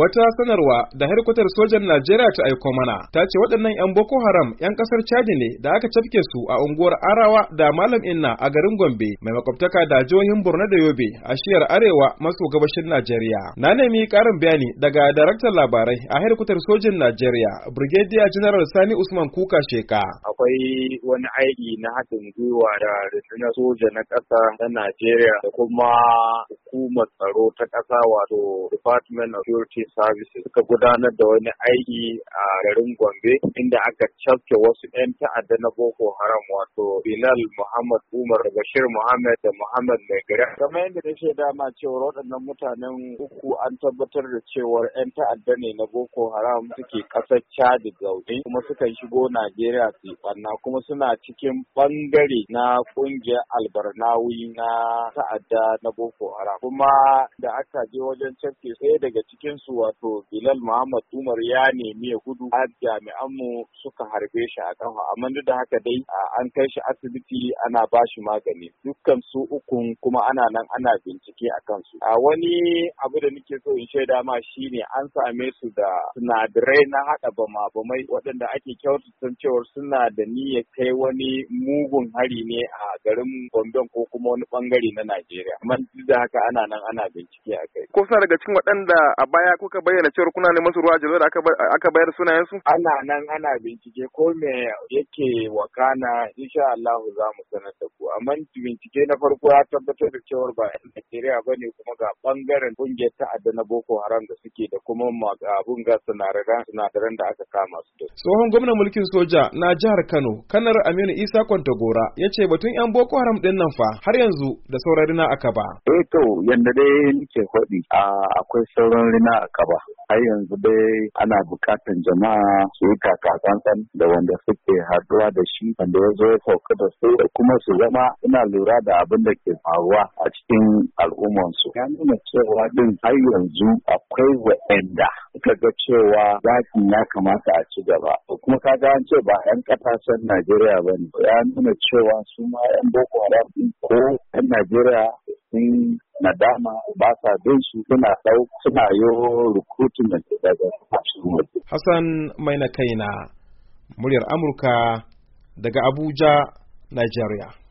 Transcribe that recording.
Wata sanarwa da harkutar sojan Najeriya ta aiko mana ta ce waɗannan 'yan Boko Haram 'yan ƙasar Chadi ne da aka cafke su a unguwar Arawa da Malam Inna a garin Gombe mai makwabtaka da jihohin Borno da Yobe a shiyar Arewa maso gabashin Najeriya. Na nemi ƙarin bayani daga daraktan labarai a harkutar sojan Najeriya Brigadier General Sani Usman Kuka Sheka. Akwai wani aiki na haɗin gwiwa da na soja na ƙasa na Najeriya da kuma hukumar tsaro ta ƙasa wato Department of Security Services suka gudanar da wani aiki a garin Gombe inda aka cafke wasu 'yan ta'adda na Boko Haram wato Bilal Muhammad Umar Bashir Muhammad da Muhammad Mai Gari. Kamar yadda na ce dama cewar waɗannan mutanen uku an tabbatar da cewar 'yan ta'adda ne na Boko Haram suke ƙasar Chad Gaudi kuma sukan shigo Najeriya su ɓanna kuma suna cikin ɓangare na ƙungiyar albarnawi na ta'adda na Boko Haram. kuma da aka je wajen cafke sai daga cikin su wato Bilal Muhammad Umar ya nemi ya gudu A jami'an mu suka harbe shi a kafa amma duk da haka dai an kai shi asibiti ana bashi magani dukkan su ukun kuma ana nan ana bincike a kansu a wani abu da nake so in shaida ma shine an same su da sinadirai na haɗa bama bamai waɗanda ake kyautata cewar suna da niyyar kai wani mugun hari ne a garin Gombe ko kuma wani bangare na Najeriya amma duk da haka an ana nan ana bincike a kai. Ko suna daga cikin waɗanda a baya kuka bayyana cewar kuna neman su ruwa jalo da aka bayar sunayen su? Ana nan ana bincike ko me yake wakana insha Allah za mu sanar da ku. Amma bincike na farko ya tabbatar da cewar ba yan Najeriya ba ne kuma ga bangaren kungiyar ta'adda na Boko Haram da suke da kuma abun ga sinadaran da aka kama su Tsohon gwamnan mulkin soja na jihar Kano, Kanar Aminu Isa Kwantagora ya ce batun 'yan Boko Haram ɗin nan fa har yanzu da saurari na aka ba. Eh yadda dai nake faɗi a akwai sauran rina a kaba har yanzu dai ana bukatan jama'a su yi tsantsan da wanda suke haɗuwa da shi wanda ya zo ya sauka da su da kuma su zama ina lura da abin da ke faruwa a cikin al'ummansu ya nuna cewa din har yanzu akwai wa'anda suka ga cewa zafi ya kamata a ci gaba kuma ka ga an ce ba 'yan kasashen Najeriya ba ne ya nuna cewa su ma 'yan Boko Haram ko 'yan Najeriya sun dama ba sa bin su suna dau suna yo da daga Hassan mai na kaina muryar Amurka daga Abuja, Najeriya.